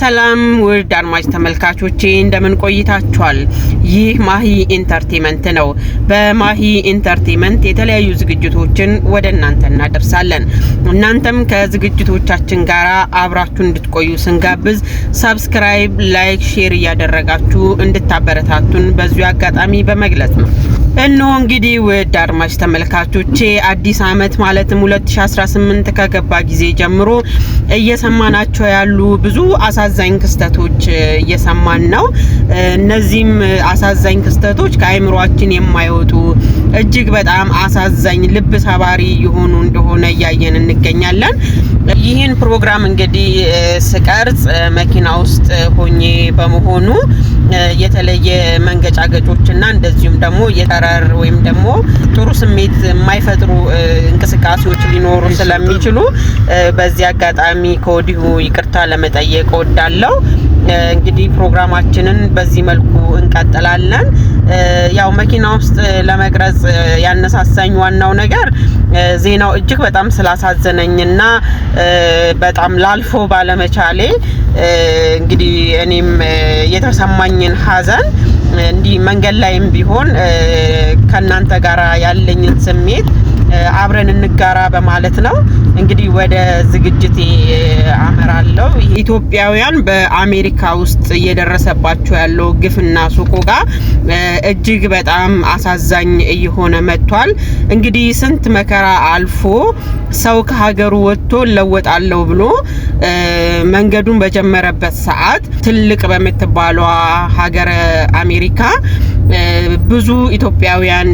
ሰላም ውድ አድማጭ ተመልካቾቼ እንደምን ቆይታችኋል? ይህ ማሂ ኢንተርቴመንት ነው። በማሂ ኢንተርቴመንት የተለያዩ ዝግጅቶችን ወደ እናንተ እናደርሳለን። እናንተም ከዝግጅቶቻችን ጋር አብራችሁ እንድትቆዩ ስንጋብዝ ሰብስክራይብ፣ ላይክ፣ ሼር እያደረጋችሁ እንድታበረታቱን በዚሁ አጋጣሚ በመግለጽ ነው። እነሆ እንግዲህ ውድ አድማጭ ተመልካቾቼ አዲስ አመት ማለትም 2018 ከገባ ጊዜ ጀምሮ እየሰማናቸው ያሉ ብዙ አሳዛኝ ክስተቶች እየሰማን ነው። እነዚህም አሳዛኝ ክስተቶች ከአይምሯችን የማይወጡ እጅግ በጣም አሳዛኝ ልብ ሰባሪ የሆኑ እንደሆነ እያየን እንገኛለን። ይህን ፕሮግራም እንግዲህ ስቀርጽ መኪና ውስጥ ሆኜ በመሆኑ የተለየ መንገጫገጮችና እንደዚሁም ደግሞ የተረ መውረር ወይም ደግሞ ጥሩ ስሜት የማይፈጥሩ እንቅስቃሴዎች ሊኖሩ ስለሚችሉ በዚህ አጋጣሚ ከወዲሁ ይቅርታ ለመጠየቅ ወዳለው እንግዲህ ፕሮግራማችንን በዚህ መልኩ እንቀጥላለን። ያው መኪና ውስጥ ለመቅረጽ ያነሳሳኝ ዋናው ነገር ዜናው እጅግ በጣም ስላሳዘነኝና በጣም ላልፎ ባለመቻሌ እንግዲህ እኔም የተሰማኝን ሀዘን እንዲህ መንገድ ላይም ቢሆን ከእናንተ ጋር ያለኝን ስሜት አብረን እንጋራ በማለት ነው። እንግዲህ ወደ ዝግጅት አመራለሁ። ኢትዮጵያውያን በአሜሪካ ውስጥ እየደረሰባቸው ያለው ግፍና ሰቆቃ እጅግ በጣም አሳዛኝ እየሆነ መጥቷል። እንግዲህ ስንት መከራ አልፎ ሰው ከሀገሩ ወጥቶ እለወጣለሁ ብሎ መንገዱን በጀመረበት ሰዓት ትልቅ በምትባሏ ሀገረ አሜሪካ ብዙ ኢትዮጵያውያን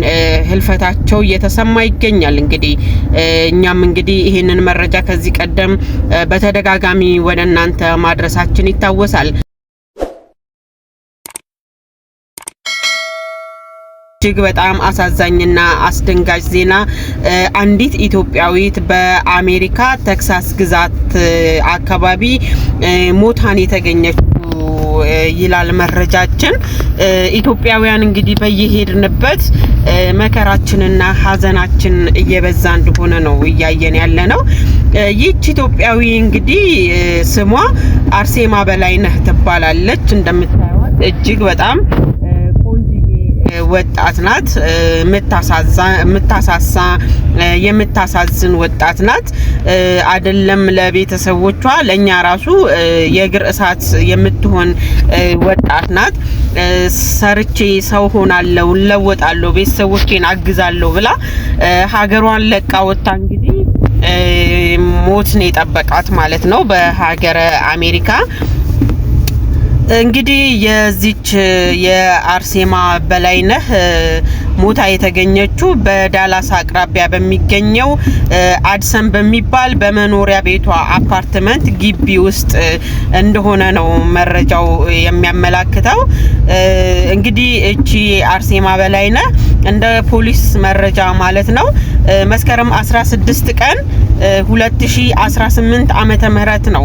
ህልፈታቸው እየተሰማ ይገኛል። እንግዲህ እኛም እንግዲህ ይህንን መረጃ ከዚህ ቀደም በተደጋጋሚ ወደ እናንተ ማድረሳችን ይታወሳል። እጅግ በጣም አሳዛኝና አስደንጋጭ ዜና አንዲት ኢትዮጵያዊት በአሜሪካ ተክሳስ ግዛት አካባቢ ሞታን የተገኘች ይላል መረጃችን። ኢትዮጵያውያን እንግዲህ በየሄድንበት መከራችንና ሀዘናችን እየበዛ እንደሆነ ነው እያየን ያለ ነው። ይህች ኢትዮጵያዊ እንግዲህ ስሟ አርሴማ በላይነህ ትባላለች። እንደምታየዋት እጅግ በጣም ወጣት ናት። የምታሳሳ የምታሳዝን ወጣት ናት። አይደለም ለቤተሰቦቿ ለእኛ ራሱ የእግር እሳት የምትሆን ወጣት ናት። ሰርቼ ሰው ሆናለሁ፣ እለወጣለሁ፣ ቤተሰቦቼን አግዛለሁ ብላ ሀገሯን ለቃ ወጣ እንግዲህ ሞት ነው የጠበቃት ማለት ነው በሀገረ አሜሪካ እንግዲህ የዚች የአርሴማ በላይነህ ሞታ የተገኘችው በዳላስ አቅራቢያ በሚገኘው አድሰን በሚባል በመኖሪያ ቤቷ አፓርትመንት ግቢ ውስጥ እንደሆነ ነው መረጃው የሚያመላክተው። እንግዲህ እቺ አርሴማ በላይነህ እንደ ፖሊስ መረጃ ማለት ነው መስከረም 16 ቀን 2018 ዓመተ ምህረት ነው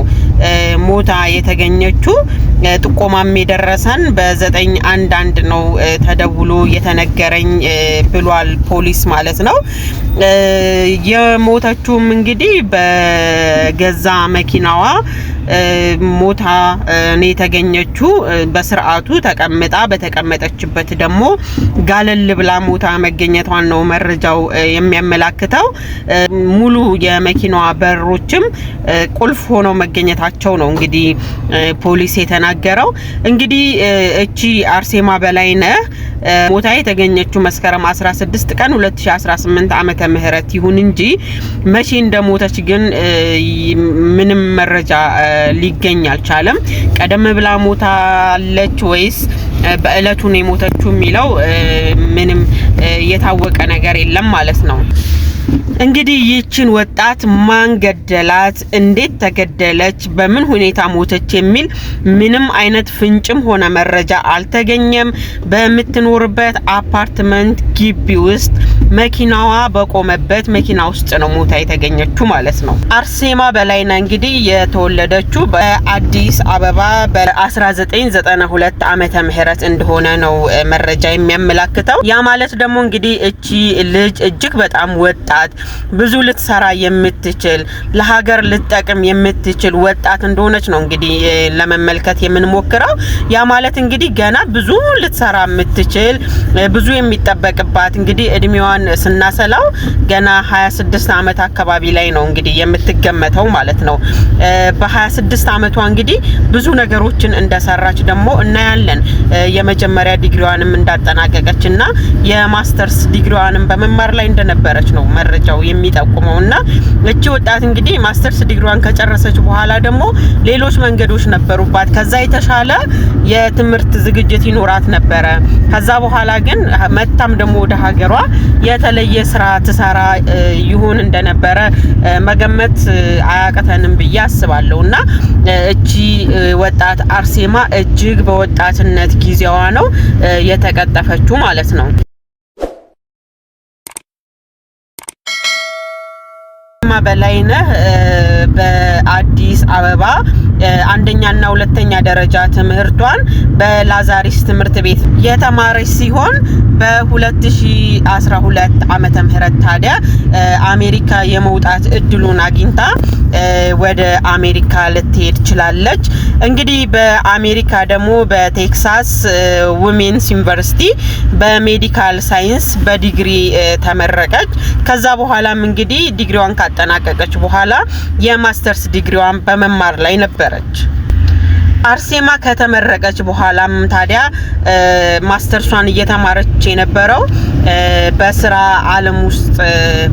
ሞታ የተገኘችው። ጥቆማም የደረሰን በዘጠኝ አንድ አንድ ነው ተደውሎ የተነገረኝ ብሏል ፖሊስ ማለት ነው። የሞተችውም እንግዲህ በገዛ መኪናዋ ሞታ ነው የተገኘችው። በስርዓቱ ተቀምጣ በተቀመጠችበት ደግሞ ጋለል ብላ ሞታ መገኘቷን ነው መረጃው የሚያመላክተው። ሙሉ የመኪናዋ በሮችም ቁልፍ ሆነው መገኘታቸው ነው እንግዲህ ፖሊስ የተና የተናገረው። እንግዲህ እቺ አርሴማ በላይነህ ሞታ የተገኘችው መስከረም 16 ቀን 2018 ዓመተ ምህረት ይሁን እንጂ መቼ እንደሞተች ግን ምንም መረጃ ሊገኝ አልቻለም። ቀደም ብላ ሞታለች ወይስ በእለቱ ነው የሞተችው የሚለው ምንም የታወቀ ነገር የለም ማለት ነው። እንግዲህ ይህችን ወጣት ማን ገደላት፣ እንዴት ተገደለች፣ በምን ሁኔታ ሞተች የሚል ምንም አይነት ፍንጭም ሆነ መረጃ አልተገኘም። በምትኖርበት አፓርትመንት ግቢ ውስጥ መኪናዋ በቆመበት መኪና ውስጥ ነው ሞታ የተገኘችው ማለት ነው። አርሴማ በላይና እንግዲህ የተወለደችው በአዲስ አበባ በ1992 ዓመተ ምህረት እንደሆነ ነው መረጃ የሚያመላክተው። ያ ማለት ደግሞ እንግዲህ እቺ ልጅ እጅግ በጣም ወጣ ወጣት ብዙ ልትሰራ የምትችል ለሀገር ልትጠቅም የምትችል ወጣት እንደሆነች ነው እንግዲህ ለመመልከት የምንሞክረው። ያ ማለት እንግዲህ ገና ብዙ ልትሰራ የምትችል ብዙ የሚጠበቅባት እንግዲህ እድሜዋን ስናሰላው ገና 26 ዓመት አካባቢ ላይ ነው እንግዲህ የምትገመተው ማለት ነው። በ26 ዓመቷ እንግዲህ ብዙ ነገሮችን እንደሰራች ደግሞ እናያለን። የመጀመሪያ ዲግሪዋንም እንዳጠናቀቀች እና የማስተርስ ዲግሪዋንም በመማር ላይ እንደነበረች ነው መረጃው የሚጠቁመው እና እቺ ወጣት እንግዲህ ማስተርስ ዲግሪዋን ከጨረሰች በኋላ ደግሞ ሌሎች መንገዶች ነበሩባት። ከዛ የተሻለ የትምህርት ዝግጅት ይኖራት ነበረ። ከዛ በኋላ ግን መታም ደግሞ ወደ ሀገሯ የተለየ ስራ ትሰራ ይሆን እንደነበረ መገመት አያቅተንም ብዬ አስባለሁ። እና እቺ ወጣት አርሴማ እጅግ በወጣትነት ጊዜዋ ነው የተቀጠፈችው ማለት ነው። ግርማ በላይነህ በአዲስ አበባ አንደኛና ሁለተኛ ደረጃ ትምህርቷን በላዛሪስ ትምህርት ቤት የተማረች ሲሆን በ2012 ዓመተ ምህረት ታዲያ አሜሪካ የመውጣት እድሉን አግኝታ ወደ አሜሪካ ልትሄድ ችላለች። እንግዲህ በአሜሪካ ደግሞ በቴክሳስ ውሜንስ ዩኒቨርሲቲ በሜዲካል ሳይንስ በዲግሪ ተመረቀች። ከዛ በኋላም እንግዲህ ዲግሪዋን ካጠናቀቀች በኋላ የማስተርስ ዲግሪዋን በመማር ላይ ነበር። ነበረች። አርሴማ ከተመረቀች በኋላም ታዲያ ማስተርሷን እየተማረች የነበረው በስራ አለም ውስጥ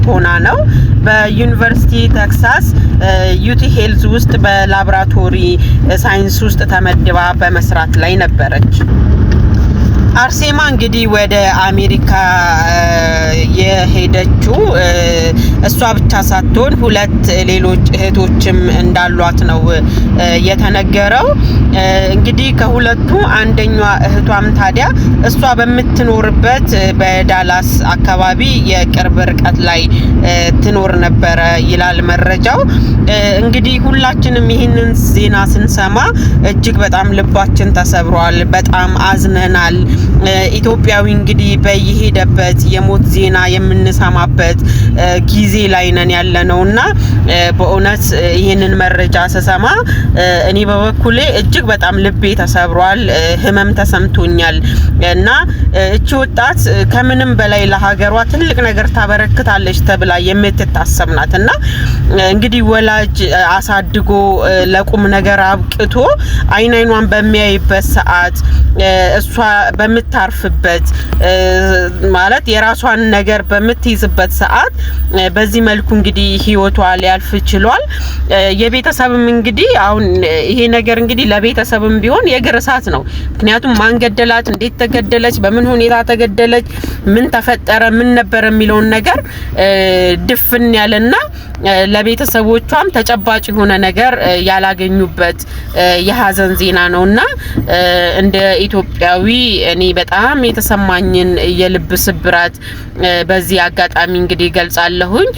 ሆና ነው። በዩኒቨርሲቲ ተክሳስ ዩቲ ሄልዝ ውስጥ በላብራቶሪ ሳይንስ ውስጥ ተመድባ በመስራት ላይ ነበረች። አርሴማ እንግዲህ ወደ አሜሪካ የሄደችው እሷ ብቻ ሳትሆን ሁለት ሌሎች እህቶችም እንዳሏት ነው የተነገረው። እንግዲህ ከሁለቱ አንደኛ እህቷም ታዲያ እሷ በምትኖርበት በዳላስ አካባቢ የቅርብ ርቀት ላይ ትኖር ነበረ ይላል መረጃው። እንግዲህ ሁላችንም ይህንን ዜና ስንሰማ እጅግ በጣም ልባችን ተሰብሯል። በጣም አዝነናል። ኢትዮጵያዊ እንግዲህ በየሄደበት የሞት ዜና የምንሰማበት ጊዜ ላይ ነን ያለ ነው እና በእውነት ይህንን መረጃ ስሰማ እኔ በበኩሌ እጅግ በጣም ልቤ ተሰብሯል፣ ህመም ተሰምቶኛል እና እቺ ወጣት ከምንም በላይ ለሀገሯ ትልቅ ነገር ታበረክታለች ተብላ የምትታሰብ ናት እና እንግዲህ ወላጅ አሳድጎ ለቁም ነገር አብቅቶ አይን አይኗን በሚያይበት ሰዓት እሷ በምታርፍበት ማለት የራሷን ነገር በምትይዝበት ሰዓት በዚህ መልኩ እንግዲህ ህይወቷ ሊያልፍ ችሏል። የቤተሰብም እንግዲህ አሁን ይሄ ነገር እንግዲህ ለቤተሰብም ቢሆን የእግር እሳት ነው። ምክንያቱም ማን ገደላት፣ እንዴት ተገደለች፣ በምን ሁኔታ ተገደለች፣ ምን ተፈጠረ፣ ምን ነበር የሚለውን ነገር ድፍን ያለና ለቤተሰቦቿም ተጨባጭ የሆነ ነገር ያላገኙበት የሀዘን ዜና ነውና እንደ ኢትዮጵያዊ እኔ በጣም የተሰማኝን የልብ ስብራት በዚህ አጋጣሚ እንግዲህ ገልጻለሁኝ።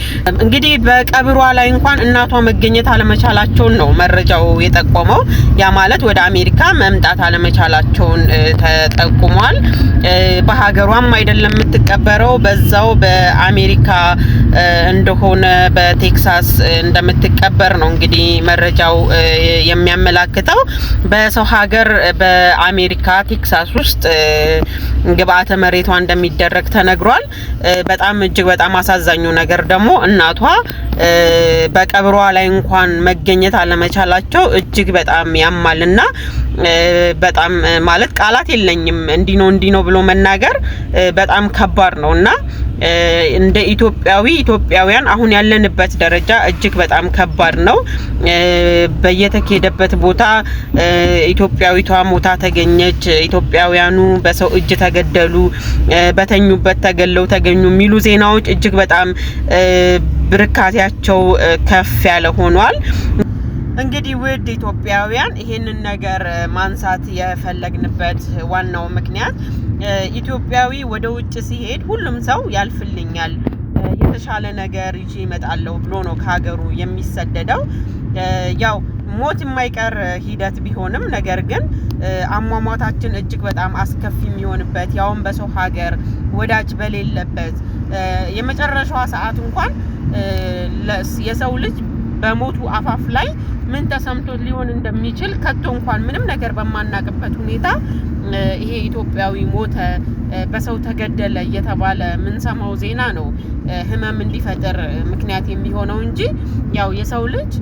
እንግዲህ በቀብሯ ላይ እንኳን እናቷ መገኘት አለመቻላቸውን ነው መረጃው የጠቆመው። ያ ማለት ወደ አሜሪካ መምጣት አለመቻላቸውን ተጠቁሟል። በሀገሯም አይደለም የምትቀበረው፣ በዛው በአሜሪካ እንደሆነ በቴክሳስ እንደምትቀበር ነው እንግዲህ መረጃው የሚያመላክተው። በሰው ሀገር በአሜሪካ ቴክሳስ ውስጥ ግብአተ መሬቷ እንደሚደረግ ተነግሯል። በጣም እጅግ በጣም አሳዛኙ ነገር ደግሞ እናቷ በቀብሯ ላይ እንኳን መገኘት አለመቻላቸው እጅግ በጣም ያማልና በጣም ማለት ቃላት የለኝም። እንዲ ነው ነው ብሎ መናገር በጣም ከባድ ነው እና እንደ ኢትዮጵያዊ ኢትዮጵያውያን አሁን ያለንበት ደረጃ እጅግ በጣም ከባድ ነው። በየተኬደበት ቦታ ኢትዮጵያዊቷ ሞታ ተገኘች፣ ኢትዮጵያውያኑ በሰው እጅ ተገደሉ፣ በተኙበት ተገለው ተገኙ የሚሉ ዜናዎች እጅግ በጣም ብርካቴያቸው ከፍ ያለ ሆኗል። እንግዲህ ውድ ኢትዮጵያውያን ይህንን ነገር ማንሳት የፈለግንበት ዋናው ምክንያት ኢትዮጵያዊ ወደ ውጭ ሲሄድ ሁሉም ሰው ያልፍልኛል፣ የተሻለ ነገር ይዤ እመጣለሁ ብሎ ነው ከሀገሩ የሚሰደደው። ያው ሞት የማይቀር ሂደት ቢሆንም ነገር ግን አሟሟታችን እጅግ በጣም አስከፊ የሚሆንበት ያውም በሰው ሀገር ወዳጅ በሌለበት የመጨረሻዋ ሰዓት እንኳን የሰው ልጅ በሞቱ አፋፍ ላይ ምን ተሰምቶ ሊሆን እንደሚችል ከቶ እንኳን ምንም ነገር በማናቅበት ሁኔታ ይሄ ኢትዮጵያዊ ሞተ፣ በሰው ተገደለ እየተባለ የምንሰማው ዜና ነው ህመም እንዲፈጠር ምክንያት የሚሆነው እንጂ ያው የሰው ልጅ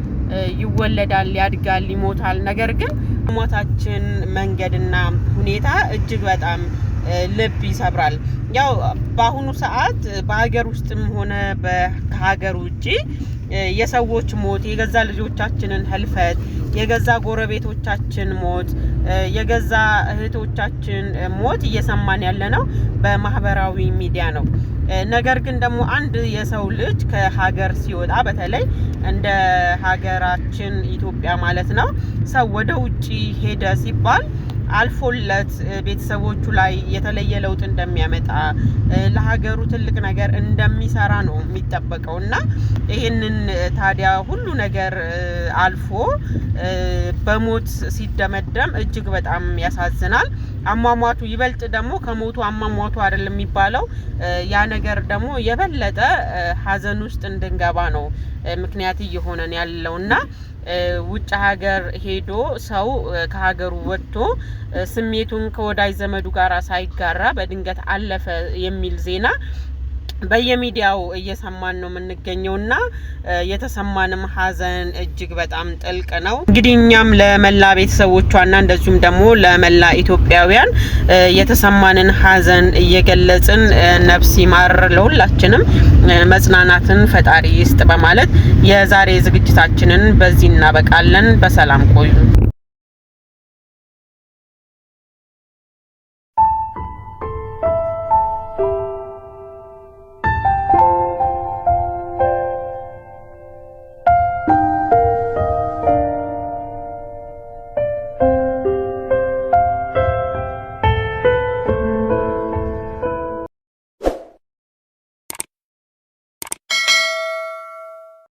ይወለዳል፣ ያድጋል፣ ይሞታል። ነገር ግን ሞታችን መንገድና ሁኔታ እጅግ በጣም ልብ ይሰብራል። ያው በአሁኑ ሰዓት በሀገር ውስጥም ሆነ ከሀገር ውጭ የሰዎች ሞት፣ የገዛ ልጆቻችንን ህልፈት፣ የገዛ ጎረቤቶቻችን ሞት፣ የገዛ እህቶቻችን ሞት እየሰማን ያለ ነው በማህበራዊ ሚዲያ ነው። ነገር ግን ደግሞ አንድ የሰው ልጅ ከሀገር ሲወጣ በተለይ እንደ ሀገራችን ኢትዮጵያ ማለት ነው ሰው ወደ ውጭ ሄደ ሲባል አልፎለት ቤተሰቦቹ ላይ የተለየ ለውጥ እንደሚያመጣ ለሀገሩ ትልቅ ነገር እንደሚሰራ ነው የሚጠበቀው እና ይህንን ታዲያ ሁሉ ነገር አልፎ በሞት ሲደመደም እጅግ በጣም ያሳዝናል። አሟሟቱ ይበልጥ ደግሞ ከሞቱ አሟሟቱ አይደለም የሚባለው ያ ነገር ደግሞ የበለጠ ሀዘን ውስጥ እንድንገባ ነው ምክንያት እየሆነን ያለው እና ውጭ ሀገር ሄዶ ሰው ከሀገሩ ወጥቶ ስሜቱን ከወዳጅ ዘመዱ ጋር ሳይጋራ በድንገት አለፈ የሚል ዜና በየሚዲያው እየሰማን ነው የምንገኘው እና የተሰማንም ሀዘን እጅግ በጣም ጥልቅ ነው። እንግዲህ እኛም ለመላ ቤተሰቦቿና እንደዚሁም ደግሞ ለመላ ኢትዮጵያውያን የተሰማንን ሀዘን እየገለጽን ነፍስ ይማር ለሁላችንም መጽናናትን ፈጣሪ ይስጥ በማለት የዛሬ ዝግጅታችንን በዚህ እናበቃለን። በሰላም ቆዩ።